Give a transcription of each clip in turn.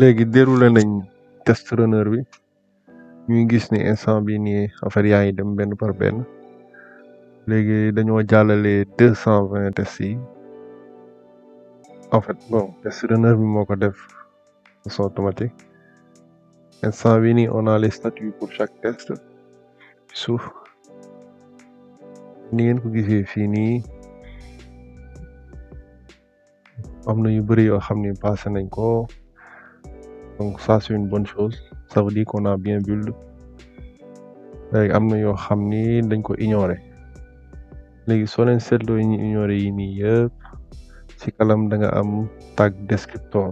léegi déroulé nañ test runner bi ñuy gis ni instant bi nii affaire yaa dem benn par benn léegi dañoo jàllale deux cent vingt tests yi en fait bon bi moo ko def façon automatique instant bi nii on a les statuts pour chaque test suuf ni ngeen ko gisee fii nii am na yu bëri yoo xam ni passé nañ ko donc ça une bonne chose ça veut dire qu'on a bien build léegi am na yoo xam ni dañ ko ignorer léegi soo leen seetloo yi ñu ignorer yi nii yëpp ci kalam da nga am tag descriptor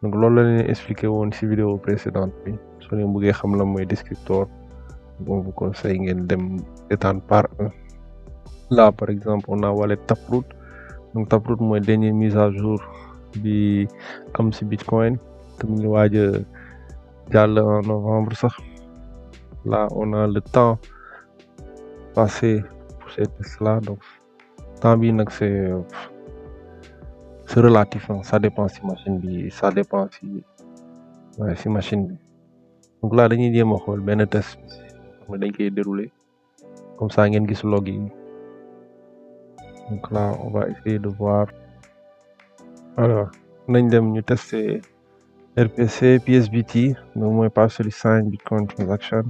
donc loolu la leen expliqué woon si vidéo précédente bi soo leen bëggee xam la mooy descriptor on vous conseille ngeen dem étendre par un là par exemple on a wallet Taproot donc Taproot mooy dernière mise à jour bi am ci Bitcoin te mu ngi waaj jàll novembre sax là on a temps passé pour ces tests là donc temps bi nag c'est c'est relatif ça dépend dépend si machine bi donc là dañuy jéem a xool benn test xam dañ koy dérouler comme ça ngeen gis log donc là on va essayer de voir alors nañ dem ñu tester RPC PSBT moom mooy partially signed Bitcoin transaction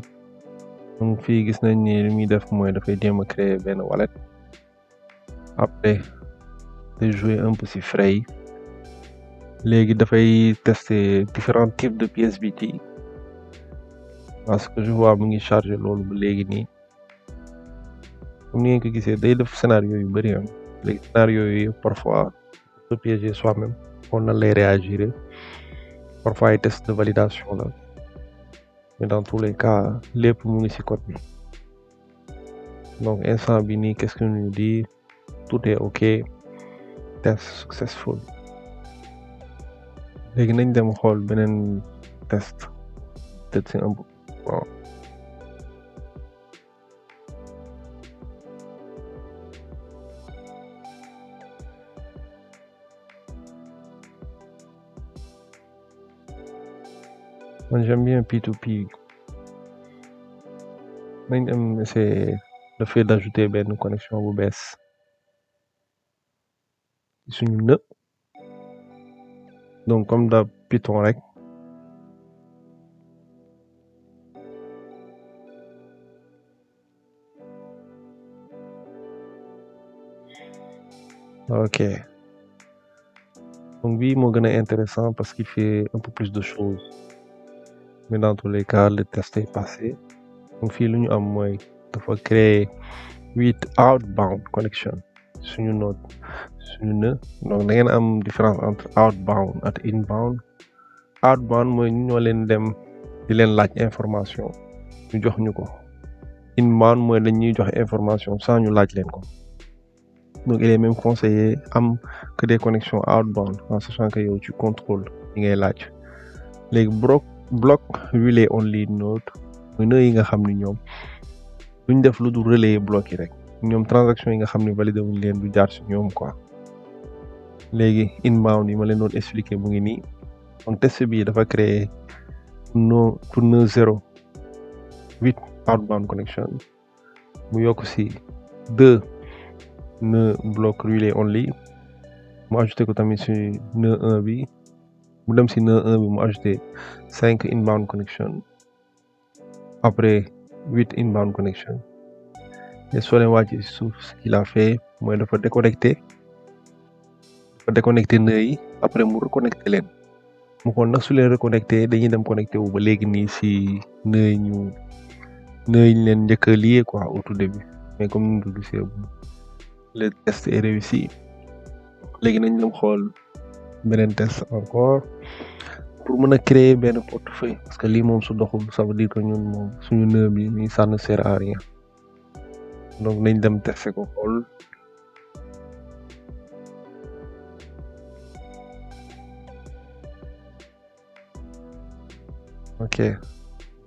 donc fii gis nañ ni li muy def mooy dafay jéem a créer benn wallet après de jouer un peu si yi léegi dafay tester différents types de bi PSBT parce que je vois mu ngi chargé loolu ba léegi nii comme ni ngeen ko gisee day def scénario yu bëri am ah. léegi scénario yi parfois se piéger soi-même on na lay réagir parfois ay test de validation la mais dans tous les cas lépp mu ngi si code donc instant bi nii qu'est-ce qu'on tout es ok test successful léegi nañ dem xool beneen test peut-être un bon Moi, j'aime bien P2P. nañ dem c'est le benn connexion bu bees suñu në donc comme da Python rek ok donc bii moo gën a intéressant parce qu'il fait un peu plus de choses mais dans tous les cas le test est passé donc fii lu ñu am mooy dafa créer huit outbound connection suñu note suñu nœud donc da ngeen am différence entre outbound ak inbound outbound mooy ñu ñoo leen dem di leen laaj information ñu jox ñu ko inbound mooy dañuy jox information sans ñu laaj leen ko donc il est même conseillé am que des connexions outbound en sachant que ci contrôle yi ngay laaj léegi broke block relay only node muy nœud yi nga xam ni ñoom duñ def lu dul relay block yi rek ñoom transaction yi nga xam ni validé wuñ leen du jaar si ñoom quoi léegi inbound yi ma leen doon expliqué mu ngi nii kon test bi dafa créé no pour nœud zéro huit connection mu yokk si deux nœud block relay only mu ajouté ko tamit si nœud un bi mu dem si nœud 1 bi mu ajouté cinq inbound connection après huit inbound connection et soo leen wàcc si suuf ce qu'il a fait mooy dafa déconnecté dafa déconnecté nœud yi après mu reconnecté leen mu kon nag su leen reconnecté dañuy dem connecté wu ba léegi nii si nœud yi ñu nœud yi ñu leen njëkk a lié quoi au tout début mais comme ni mu le test est réussi léegi nañ xool. beneen test encore pour mën a créer benn portefeuille parce que lii moom su doxul ça veut dire que ñun moom suñu nœud bi nii ça ne sert à rien donc nañ dem tester ko xool ok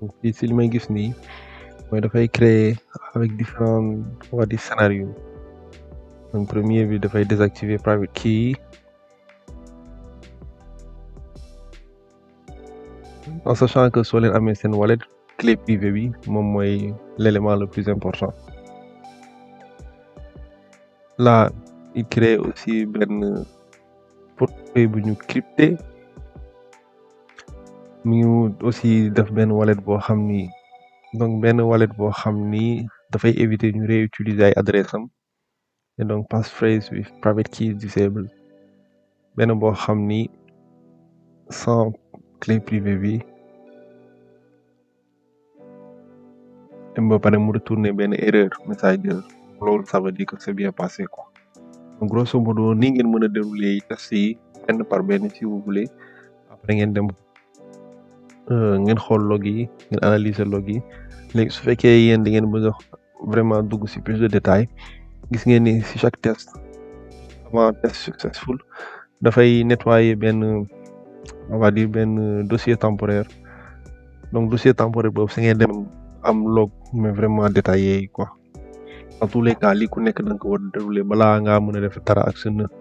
donc fii si li may gis nii mooy dafay créer avec différents waa scénario donc premier bi dafay désactiver private key en sachant que soo leen amee seen wallet clé privée bi moom mooy l'élément le plus important la il crée aussi benn portefeuille bu ñu crypté mi ngi aussi def benn wallet boo xam ni donc benn wallet boo xam ni dafay éviter ñu réutiliser ay adresse am et donc passphrase with private keys disabled benn boo xam ni sans clé privée bi dem ba pare mu retourné benn erreur message de loolu ça veut dire que c'est bien passé quoi grosso modo nii ngeen mën a dérouler yi test yi benn par benn si vous après ngeen dem euh, ngeen xool log yi ngeen analyser yi léegi su fekkee yéen da ngeen bëgg vraiment dugg si plus de détails gis ngeen ni si chaque test avant test successful dafay nettoyer benn on di dire benn euh, dossier temporaire donc dossier temporaire boobu si ngeen dem am log mais vraiment détaillé yi quoi dans tous les ku nekk da nga ko war a déroulé balaa ngaa mën a def dara ak sa